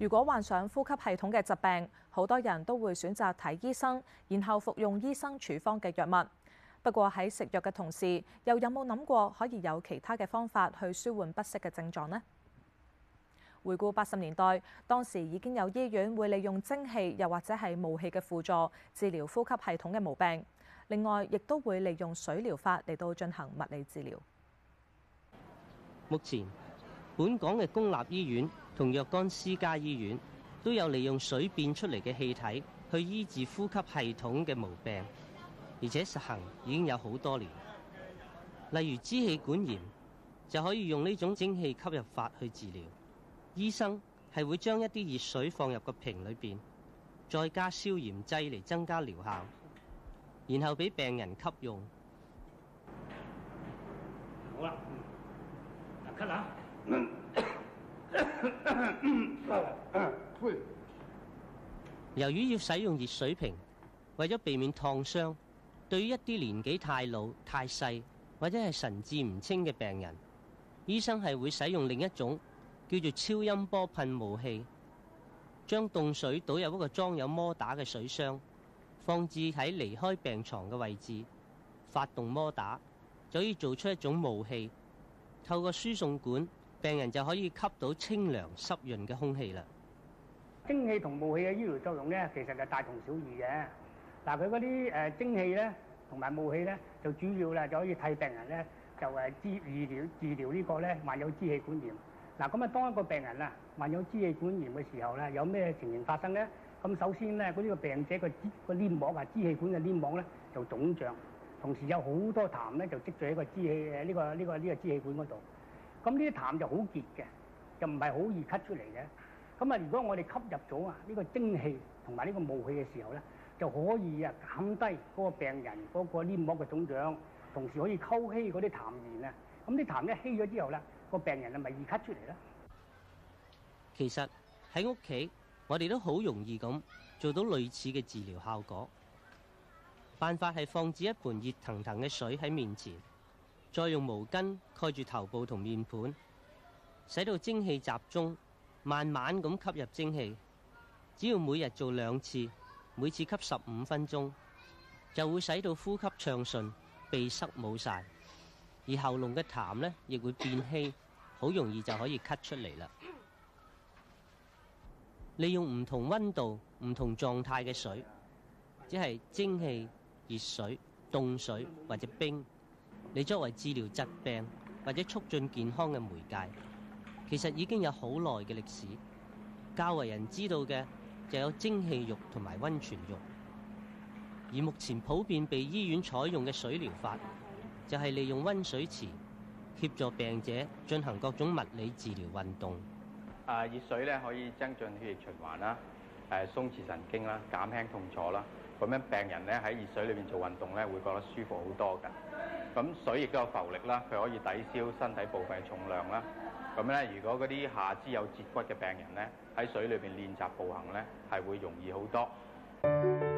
如果患上呼吸系統嘅疾病，好多人都會選擇睇醫生，然後服用醫生處方嘅藥物。不過喺食藥嘅同時，又有冇諗過可以有其他嘅方法去舒緩不適嘅症狀呢？回顧八十年代，當時已經有醫院會利用蒸汽又或者係霧氣嘅輔助治療呼吸系統嘅毛病。另外，亦都會利用水療法嚟到進行物理治療。目前，本港嘅公立醫院同若干私家醫院都有利用水變出嚟嘅氣體去醫治呼吸系統嘅毛病，而且實行已經有好多年。例如支氣管炎就可以用呢種蒸氣吸入法去治療。醫生係會將一啲熱水放入個瓶裏邊，再加消炎劑嚟增加療效，然後俾病人吸用。好啦，嗯由於要使用熱水瓶，為咗避免燙傷，對於一啲年紀太老、太細或者係神志唔清嘅病人，醫生係會使用另一種叫做超音波噴霧器，將凍水倒入一個裝有摩打嘅水箱，放置喺離開病床嘅位置，發動摩打，就可以做出一種霧氣，透過輸送管。病人就可以吸到清涼濕潤嘅空氣啦。蒸汽同霧氣嘅醫療作用咧，其實就大同小異嘅。嗱，佢嗰啲誒蒸汽咧，同埋霧氣咧，就主要啦就可以替病人咧，就誒治治療治療呢個咧患有支氣管炎。嗱，咁啊，當一個病人啊患有支氣管炎嘅時候咧，有咩情形發生咧？咁首先咧，嗰、這、啲個病者個個黏膜啊，支氣管嘅黏膜咧就腫脹，同時有好多痰咧就積聚喺個支氣誒呢個呢、呢個呢、呢個支氣管嗰度。咁呢啲痰就好結嘅，就唔係好易咳出嚟嘅。咁啊，如果我哋吸入咗啊，呢個蒸氣同埋呢個霧氣嘅時候咧，就可以啊減低嗰個病人嗰個黏膜嘅腫脹，同時可以溝稀嗰啲痰液啊。咁啲痰一稀咗之後咧，個病人啊咪易咳出嚟啦。其實喺屋企，我哋都好容易咁做到類似嘅治療效果。辦法係放置一盆熱騰騰嘅水喺面前。再用毛巾蓋住頭部同面盤，使到蒸汽集中，慢慢咁吸入蒸汽。只要每日做兩次，每次吸十五分鐘，就會使到呼吸暢順，鼻塞冇晒，而喉嚨嘅痰呢，亦會變稀，好容易就可以咳出嚟啦。利用唔同溫度、唔同狀態嘅水，即係蒸汽、熱水、凍水或者冰，你作為治療疾病或者促進健康嘅媒介，其實已經有好耐嘅歷史。較為人知道嘅就有蒸氣浴同埋温泉浴，而目前普遍被醫院採用嘅水療法，就係、是、利用温水池協助病者進行各種物理治療運動。啊，熱水咧可以增進血液循環啦、啊。誒，鬆弛神經啦，減輕痛楚啦。咁樣病人咧喺熱水裏面做運動咧，會覺得舒服好多㗎。咁水亦都有浮力啦，佢可以抵消身體部分嘅重量啦。咁咧，如果嗰啲下肢有截骨嘅病人咧，喺水裏邊練習步行咧，係會容易好多。